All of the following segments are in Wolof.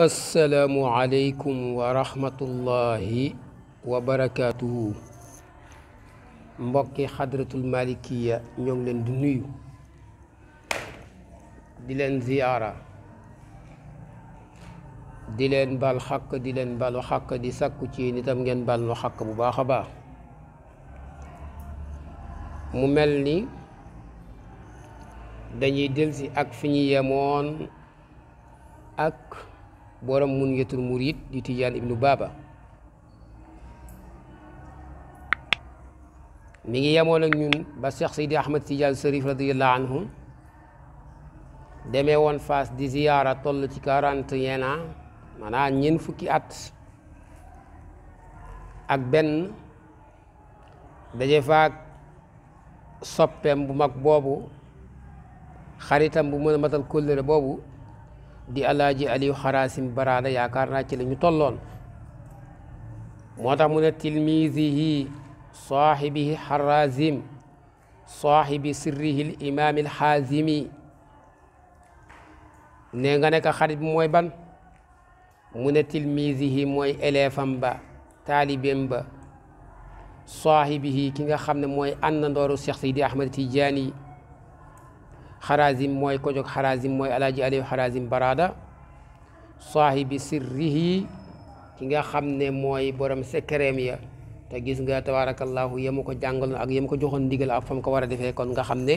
assalaamu aleykum wa rahmatullahi wa mbokki xadratul malikiya ñoo leen di nuyu di leen ziyaara di leen bal xàq di leen balu xàq di sàkku ci nitam ngeen bal nu xàq bu baax a baax mu mel ni dañuy delsi ak fi ñu yemoon ak borom mun yetul murid di Tijaan ibnu Baaba mi ngi yemoon ak ñun ba Cheikh Seydi Ahmed Tijaan Sërif radiyallahu anhu demee woon Fass di ziyaara toll ci quarante et un ans maanaam fukki at ak benn daje faak soppeem bu mag boobu xaritam bu mën a matal kóllëre boobu di alaaji aliyu xaraasim baraada yaakaar naa ci la ñu tolloon moo tax mu ne tilmisihi saaxibihi xaraazim saaxibi sirrihi l imaamil xaazimi ne nga ne ko xarit bi mooy ban mu ne tilmisihi mooy élève am ba taalibeem ba saaxibihi ki nga xam ne mooy na àndandooru Cheikh Seydi Ahmad Tijaani xarazim mooy ko jóg xarazim mooy alaaji aliou xarazim barada saahibi sirrihi ki nga xam ne mooy borom secret ya te gis nga tabaarakallaahu yemu ko jàngaloon ak yemu ko joxoon ndigal ak fa ko war a defee kon nga xam ne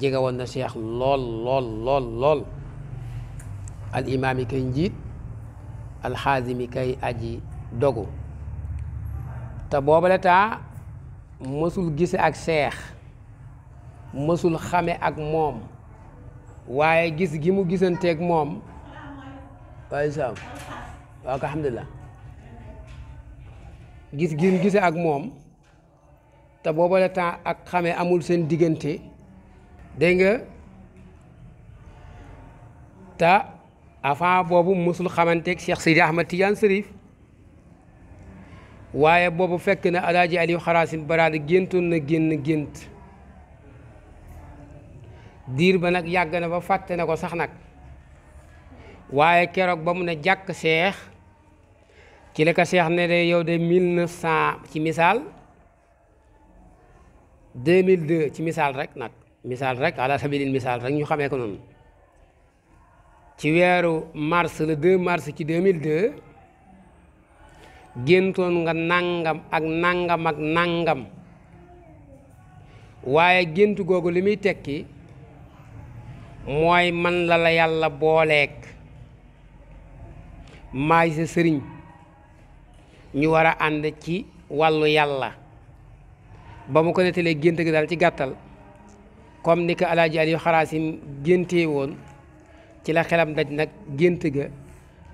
jegewoon na cheikh lool lool lool al imaam kay njiit alxaazimi kay aji dogu te boobale taa mësul gise ak cheikh mësul xame ak moom waaye gis gi mu gisanteeg moom waaye saam gis gi gise ak moom te booba le temps ak xame amul seen diggante dégg nga te avant boobu mësul xamanteek Cheikh Sidi Ahmad Tidiane Sërif waaye boobu fekk na Alaaji Aliou Xaraasim Baraada géntoon na génn gént diir ba nag yàgg na ba fàtte na ko sax nag waaye keroog ba mu ne jàkk seex ci la ko seex ne de yow de mille neuf cent ci misaal deux mille deux ci misaal rek nag misaal rek ala sabilil misaal rek ñu xamee ko noonu ci weeru mars la 2 mars ci 2002 géntoon nga nàngam ak nangam ak nangam waaye gént googu li muy tekki. mooy man la la yàlla booleek maay sëriñ ñu war a ànd ci wàllu yàlla ba mu ko nettalee gént gi daal ci gàttal comme ni ko alaaji Aliou Xaraasim géntee woon ci la xelam ndaj nag gént ga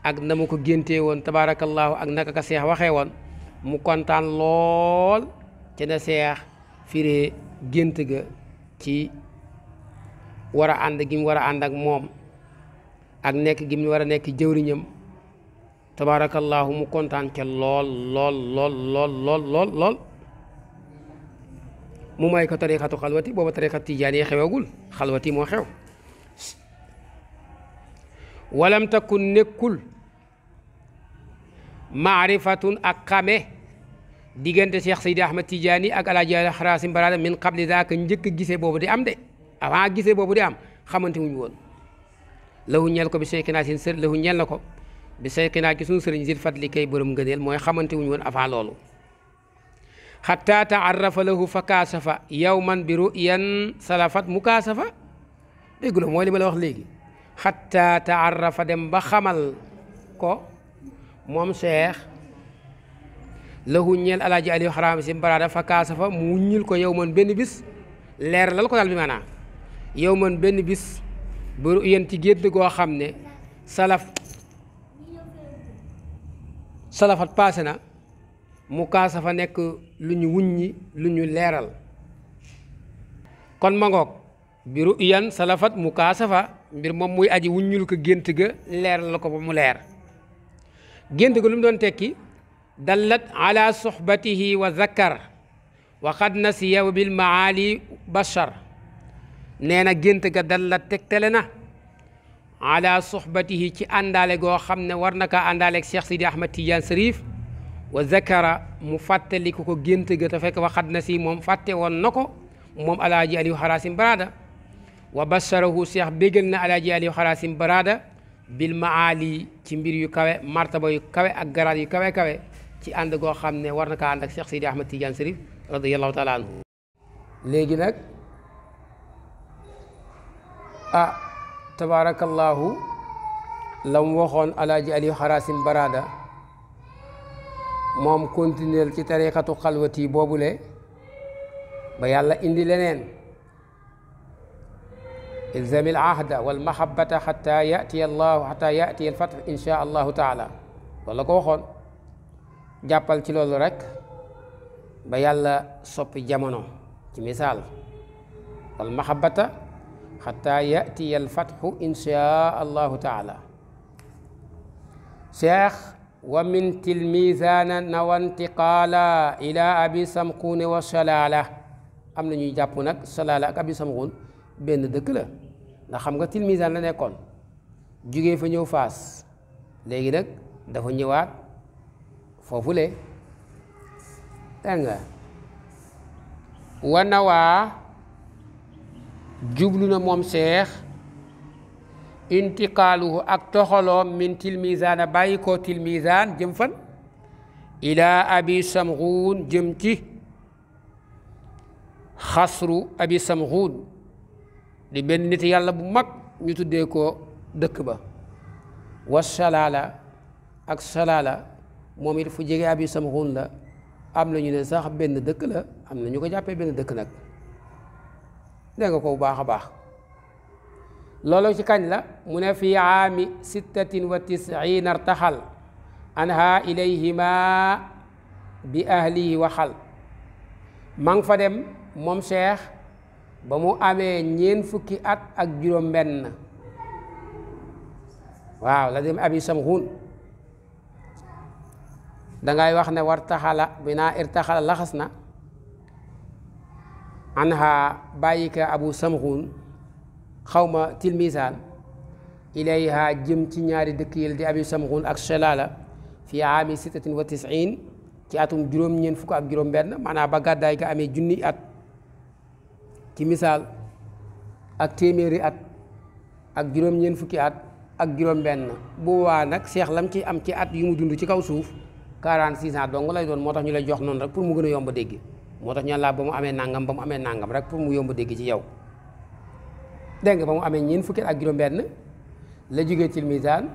ak na ma ko génte woon tabaarakallaahu ak naka ko seex waxee woon mu kontaan lool ci na seex firee gént ga ci war a ànd gi mu war a ànd ak moom ak nekk gi mu war a nekk jëwriñam tabaarakallaahu mu kontaan ca lool lool lool lool lool lool lool mu may ko tariqatu xalwati booba tariqat tijaan yi xewagul xalwati moo xew walam takun nekkul maarifatun ak xame diggante Cheikh Seydi Ahmad Tijaani ak alaaji Xaraasim Baraada min qabli daaka njëkk a gisee boobu di am de avant gisee boobu di am xamante wuñu woon lahu ñeel ko bi seykinaa seen sër lahu ñeel na ko bi seykinaa ci suñu sëriñ zil fadli kay borom ngëneel mooy xamante wuñu woon avant loolu xataa taarrafa lahu fa kaasafa man biru ruyan salafat mu kaasafa dégguloo mooy li ma wax léegi xataa taarrafa dem ba xamal ko moom seex lahu ñeel alaaji aliou xaraam si mbaraada fa kaasafa mu wuññil ko yawman benn bis leer lal ko daal bi maanaam yow man benn bis bu yéen ci gént goo xam ne salaf salafat paase na mu kaasa fa nekk lu ñu wuññi lu ñu leeral kon ma ngoog bi ruyan salafat mu kaasa fa mbir moom muy aji wuññul ko gént ga leeral la ko ba mu leer gént ga lu mu doon tekki dallat ala suxbatihi wa zakkar wa qad nasiya bil maali bashar nee na gént ga dal la tegtale na ala sohbatihi ci àndaale goo xam ne war na kaa àndaaleeg Cheikh Sidi Ahmad Tidiane Sarif wa zakara mu fàttali ko ko gént ga te fekk waxat na si moom fàtte woon na ko moom alaaji aliou xaraasim barada wa basharahu cheikh bégal na alaaji aliou xaraasim baraada bil maali ci mbir yu kawe martaba yu kawe ak garaat kawe kawe ci ànd goo xam ne war na kaa ànd ak cheikh sidi ahmad tidiane sharif radiallahu taala anhu léegi ah tabaarakallaahu la mu waxoon alaaji aliou xaraasim barada moom continuer ci tariqatu xalwati boobule ba yàlla indi leneen ilzami al ahda wal mahabbata xata yatiya allahu xata yatiya al fatx allahu taala wala ko waxoon jàppal ci loolu rek ba yàlla soppi jamono ci misaal wal mahabbata xataa yatiya alfatxu inshaa allahu taala cheikh wa min tilmisana na wantiqaala ila abi samquune wa salaala am na ñuy jàpp nag salaala ak abi samquun benn dëkk la ndax xam nga tilmisaan nekkoon jugee fa ñëw faas léegi nag dafa ñëwaat foofule dégg nga wa nawaa jublu na moom seex intiqaaluhu ak toxaloom min tilmisaana bàyyi ko tilmisaan jëm fan ila abi samxuun jëm ci xasru abi samxuun di benn nit yàlla bu mag ñu tuddee ko dëkk ba wa salaala ak salaala moom it fu jege abi samxuun la am na ñu ne sax benn dëkk la am na ñu ko jàppee benn dëkk nag dégg nga ko bu baax a baax loolu ci kañ la mu ne fi aami sittatin wa tisiina artaxal anha ilayhima bi ahlihi waxal ma ngi fa dem moom cheikh ba mu amee ñeen fukki at ak juróom benn waaw la dem abi samxuun dangay wax ne war taxala irtaxala laxas na anha bàyyi ka abu samxuun xawma tilmisaan ilayha jëm ci ñaari dëkk yële di abu samxuun ak shalala fi aami sittatin ci atum juróom-ñeent fukk ak juróom-benn maanaam ba gàddaay ga amee junni at ci misaal ak téeméeri at ak juróom-ñeent fukki at ak juróom-benn bu waa nag seex ci am ci at yu mu dund ci kaw suuf 46 ans dong lay doon moo tax ñu lay jox noonu rek pour mu gën a yomb a dégg. moo tax ñaan laa ba mu amee nangam ba mu amee nangam rek pour mu yomb dégg ci yow dégg nga ba mu amee ñeent fukki ak juróom-benn la jógee til misaan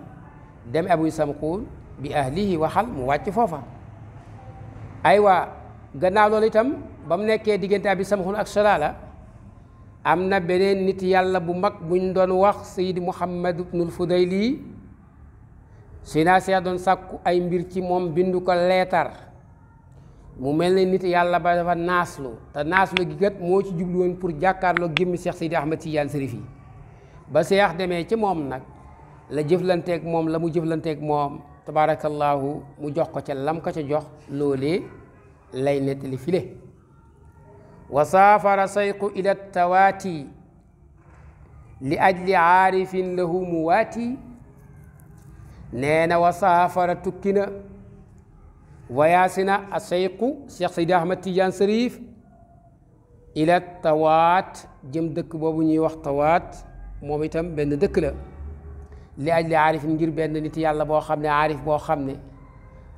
dem abu samquun bi ahlihi waxal mu wàcc foofa aywa gannaaw loolu itam ba mu nekkee diggante abi samquun ak solaala am na beneen nit yàlla bu mag buñ doon wax sayid muhammad ibnul fudayli si naa see doon sàkku ay mbir ci moom bindu ko leetar mu mel ne nit yàlla ba dafa naaslu te naaslu gi kat moo ci jublu woon pour jàkkaarloo gémmi Cheikh Sidi Ahmed Tidiane Chérif yi ba seex demee ci moom nag la jëflanteeg moom la mu jëflanteeg moom tabaarakallaahu mu jox ko ca lam ko ca jox loolee lay nettali file wa saafara sayqu ila tawaati li ajli aarifin lahu muwaati nee na wa saafara tukki na wayaasina a seyqu Cheikh Seydi Ahmad Tidiane Sërif ila tawaat jëm dëkk boobu ñuy wax tawaat moom itam benn dëkk la li aj li aarifin ngir benn nit yàlla boo xam ne aarif boo xam ne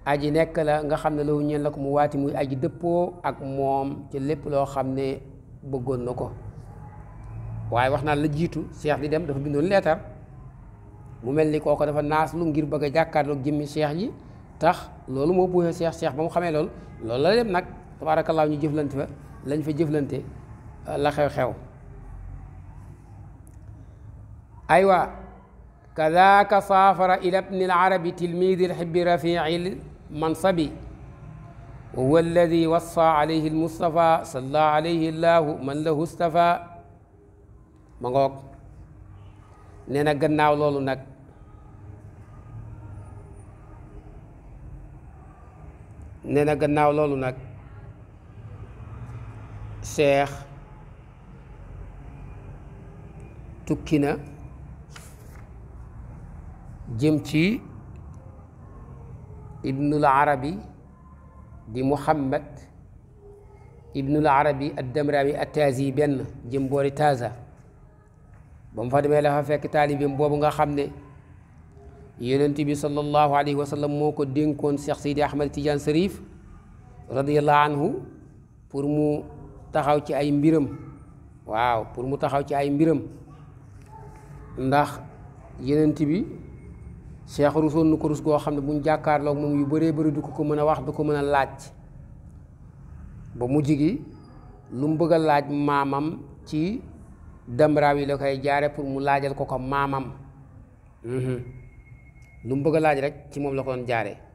aji nekk la nga xam ne loolu ñeen la ko mu muy aji dëppoo ak moom ci lépp loo xam ne bëggoon na ko waaye wax naa la jiitu Cheikh di dem dafa bindoon leetar mu mel ni kooko dafa naas lu ngir bëgg a jàkkaarloog jëmmi Cheikh ji tax loolu moo buuxee seex seex ba mu xamee loolu loolu la dem nag tabaarakallaahu ñu jëflante fa lañ fa jëflante euh, la xew-xew aywa kadaaka saafara ila bni larabi tilmidi lxibbi rafici lmansabi wa huwa alladi wassa alayhi lmustafa salla alayhi llaahu man lahu ma ngoog nee na gannaaw loolu nag nee na gannaaw loolu nag seex tukki na jëm ci ibnul arabi di muhammad ibnul arabi addamraawi attaasi benn jëm boori taasa ba mu fa demee la fa fekk taalibeem boobu nga xam ne yonent bi sallallahu alayhi wa sallam moo ko dénkoon Cheikh Seydi Ahmad Tidiane Sarif radiyallahu anhu pour mu taxaw ci ay mbiram waaw pour mu taxaw ci ay mbiram ndax yonent bi Cheikh rusoon nu ko rus goo xam ne bu ñu jàkkaarloog moom yu bëree bëri du ko ko mën a wax du ko mën a laaj ba mu gi lu mu bëgg a laaj maamam ci damraaw yi la koy jaare pour mu laajal ko ko maamam. Mhm. lu mu bëgg laaj rek ci moom la ko doon